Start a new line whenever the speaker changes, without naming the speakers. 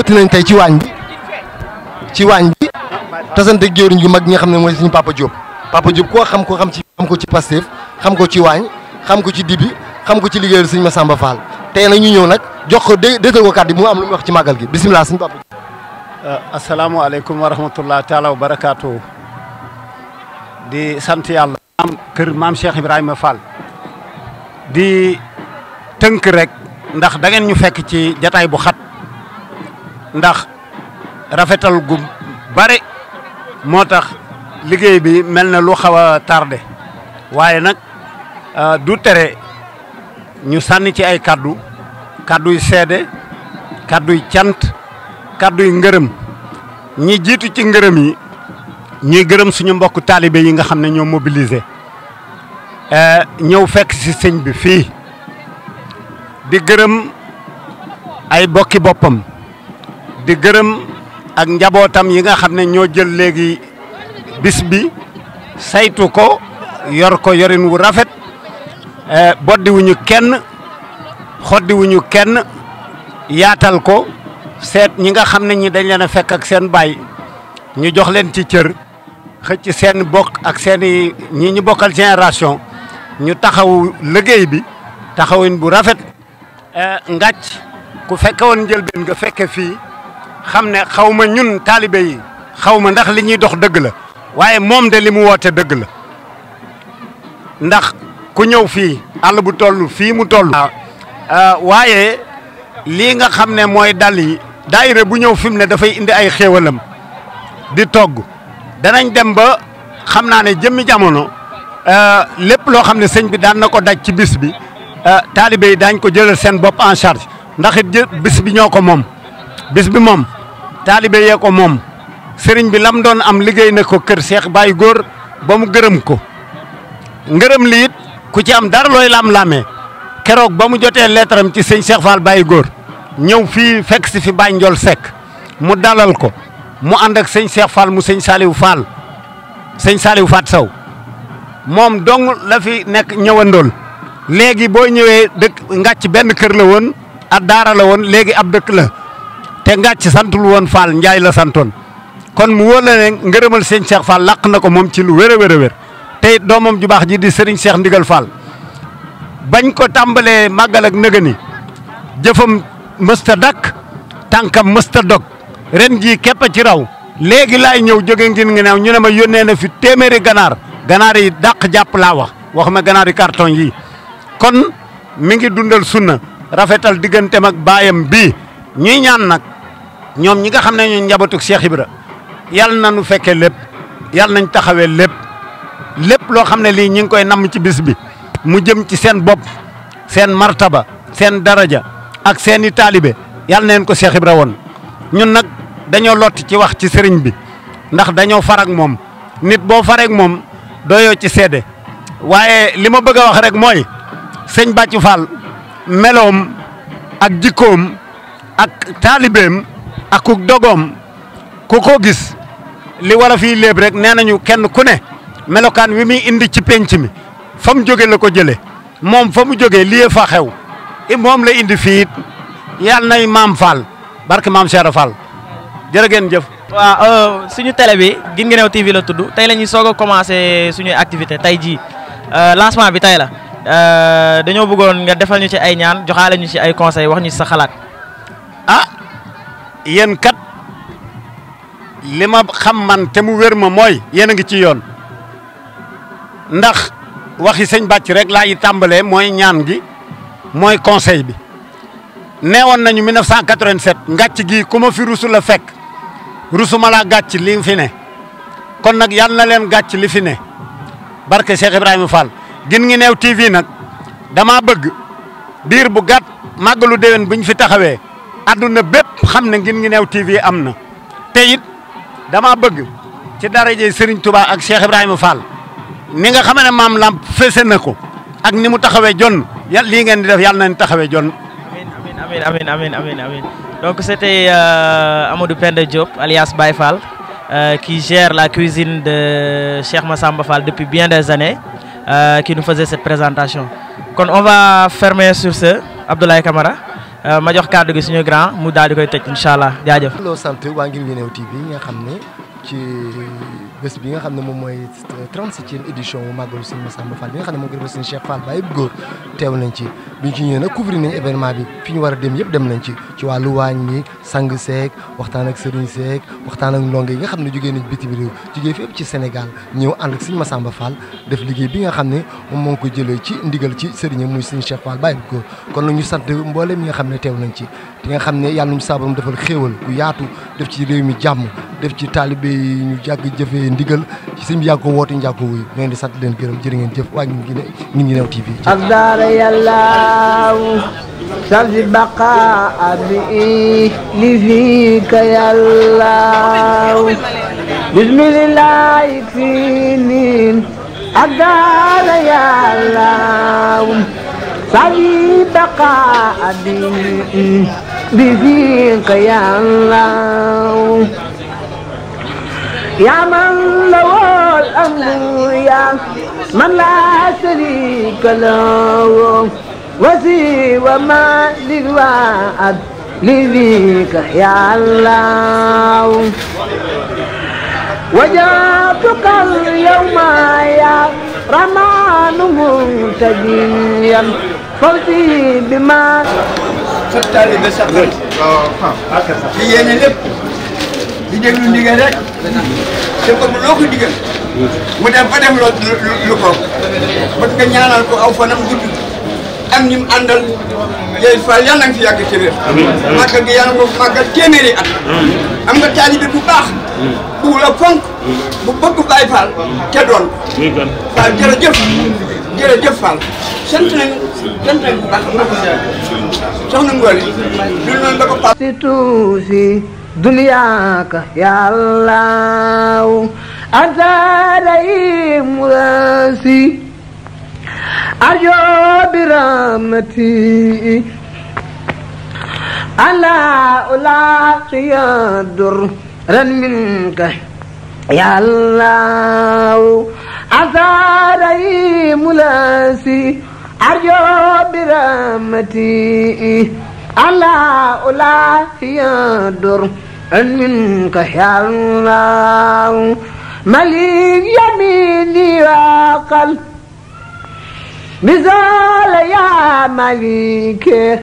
ñëwati nañ tey ci waañ bi ci waañ bi tasante jëwriñ yu mag ñi nga xam ne mooy suñu Papa Diop Papa Diop koo xam ko xam ci xam ko ci Pastef xam ko ci waañ xam ko ci dibi xam ko ci liggéeyal suñu Massamba Fall tey nag ñu ñëw nag jox ko dé déggal ko kàddu mu am lu mu wax ci màggal gi bisimilah suñu Papa Diop.
Uh, asalaamaaleykum wa rahmatulah taalaa wa barakaatu di sant yàlla. maam kër maam Cheikh Ibrahima Fall. di tënk rek ndax da ñu fekk ci jataay bu xat. ndax rafetal gu bare moo tax liggéey bi mel na lu xaw a tardé waaye nag euh, du tere ñu sànni ci ay kaddu kàddu yu seede kàddu yu cant kàddu yu ngërëm ñi jiitu ci ngërëm yi ñuy gërëm suñu mbokk taalibe yi nga xam ne ñoo mobilisé euh, ñëw fekk si sëñ bi fii di gërëm ay bokki boppam di gërëm ak njabootam yi nga xam ne ñoo jël léegi bis bi saytu ko yor ko yorin wu rafet eh, boddiwuñu kenn xoddiwuñu kenn yaatal ko seet ñi nga xam ne ñi dañ leen a fekk ak seen baay ñu jox leen ci cër xëcc seen bokk ak seen i ñi ñu bokkal génération ñu taxaw liggéey bi taxawin bu rafet eh, ngàcc ku fekke woon njëlbeen nga fekke fii xam ne xaw ma ñun taalibe yi xaw ma ndax li ñuy dox dëgg la waaye moom de li mu woote dëgg la ndax ku ñëw fii àll bu toll fii mu toll. Ah. Ah, waaye lii nga xam ne mooy dal yi daayira bu ñëw fi mu ne dafay indi ay xéewalam di togg danañ dem ba xam naa ne jëmmi jamono ah, lépp loo xam ne sëñ bi daan na ko daj ci bis bi taalibe yi daañ ko jëlal seen bopp en charge ndaxit it bis bi ñoo ko moom bis bi moom taalibe yee ko moom sëriñ bi lam doon am liggéey ne ko kër seex baay góor ba mu gërëm ko ngërëm li ku ci am dara looy lam-lamee keroog ba mu jotee leetaram ci sëñ Cheikh Fall Góor ñëw fii fekk si fi Baye Ndiol Seck mu dalal ko mu ànd ak sëñ Cheikh Fall mu sëñ Saliou Fall sëñ Saliou faat Saw moom dong la fi nekk ñëwandool léegi boo ñëwee dëkk ngàcc benn kër la woon ak daara la woon léegi ab dëkk la te ngàcc santul woon Fall Njaay la santoon kon mu wóor la ne ngërëmal sëñ Cheikh Fall làq na ko moom ci lu wér a wér a wér te it doomam ju baax ji di Serigne seex Ndigal Fall bañ ko tàmbalee màggal ak nëgëni jëfam mësta dakk tànkam mësta dog ren jii képp ci raw léegi laay ñëw jóge ngin ngi neew ñu ne ma yónnee na fi téeméeri ganaar ganaar yi dàq jàpp laa wax wax ma ganaar yi carton yii kon mi ngi dundal sunna rafetal diggante ak baayam bii ñuy ñaan nag ñoom ñi nga xam ne ñun njabootug Cheikh Ibra yàlla na nu fekkee lépp yàlla nañ taxawee lépp lépp loo xam ne lii ñi ngi koy namm ci bis bi mu jëm ci seen bopp seen martaba seen daraja ak seeni i taalibe yàlla neen ko Cheikh Ibra woon ñun nag dañoo lott ci wax ci sëriñ bi ndax dañoo far ak moom nit boo fareek moom doyoo ci seede waaye li ma bëgg a wax rek mooy sëñ Bàcc Fall meloom ak jikkoom ak taalibeem ak dogoom ku ko gis li war a fii léeb rek nee nañu kenn ku ne melokaan wi muy indi ci penc mi fa mu jóge la ko jëlee moom fa mu jóge lii fa xew moom la indi fii yàlla nay maam Fall barke maam Cheikh Fall jërë ngeen jëf. waaw euh, suñu télé bi Guinguinéo TV la tudd tey la ñuy soog a commencé
suñuy activité tey jii euh, lancement bi tey la euh, dañoo bëggoon nga defal ñu ci ay
ñaan joxaale ñu ci ay conseils wax ñu ci sa xalaat ah, Yen kat lima ma xam man te mu wér ma mooy yéen a ngi ci yoon ndax waxi sëñ bàcc rek laa yi tàmbalee mooy ñaan gi mooy conseil bi neewoon nañu 1987 gi ku fi rusu la fekk rusu li fi kon nag yàlla na leen gàcc li fi ne barke Cheikh Ibrahima Fall gin ngi neew TV nak, dama bëgg diir bu gàtt màggalu déwén bu fi aduna bépp xam ne ngin ngi new TV amna na it dama bëgg ci daraje Serigne Touba ak Cheikh Ibrahima Fall ni nga xamane mam maam Lamp fese na ak ni mu taxawee jon yàlla lii ngeen di def yal nañ taxawé jon.
amin amin amin amin amin amiin donc c'était euh, Amadou Penda Diop alias Baye Fall euh, qui gère la cuisine de Cheikh Massamba Fall depuis bien des années euh, qui nous faisait cette présentation kon on va fermer sur ce Abdoulaye Camara. Euh, ma jox kàddu gi suñu grand mu daal di koy tëj incha allah jaajëf.
loo sant waa Nguir Nguinéo TV nga xam ne ci bés bi nga xam ne moom mooy 37e édition wu màggalu Serigne Massamba Fall bi nga xam ne moom gërëm Serigne Cheikh Fall Baye góor teew nañ ci biñ ci ñëwee nag couvrir nañ événement bi fi ñu war a dem yëpp dem nañ ci ci wàllu waañ bi sang seek waxtaan ak Serigne seek waxtaan ak ndongo yi nga xam ne jógee nañ bitim réew jógee fépp ci Sénégal ñëw ànd ak Serigne Massamba Fall def liggéey bi nga xam ne moom moo ko jëlee ci ndigal ci Serigne muy Serigne Cheikh Fall Baye góor kon nag ñu sant mboolem ñi nga xam ne teew nañ ci di nga xam ne yàlla ñu saabaram defal xéewal ku yaatu def ci réew mi jàmm def ci taalibe yi ñu jàgg jëfee ndigal ci sëñ bi yàgg ko woote ñu yàgg ko wuyu leen di sant leen gërëm jërë ngeen jëf ngi ne ngi ngi new ak daara yàllaaw
salsi baqa abi li fiika yàllaaw bismillahi fiinin ak daara yàllaaw salsi baqa abi li fiika yàllaaw يا من له الأمر يا من لا شريك له وسوى ما للوعد لذيك يا الله وجاتك اليوم يا رمان منتجيا فوزي
بما ستة لبسة di déglu ndigal rek te kon loo ko digal mu dem ba def lu ko parce que ñaanal ko aw fanam gudd am ñim àndal yooyu Fall yàlla nga fi yàgg téeméer màggal gi yàlla ko màggal téeméeri at am nga taalibe bu baax bu la fonk bu bëgg Baay Fall te doon Fall jërëjëf jërëjëf Fall sant nañu sant nañu bu baax soxna Ngoone dul noonu
ba ko Fall si tuusi دنياك يا الله أنت لي مراسي أرجو برحمتي ألا ألاقي درا منك يا الله أنت لي ملاسي أرجو برحمتي ألا أولا يدر أن منك يا الله مليك يميني وقل بزال يا مليك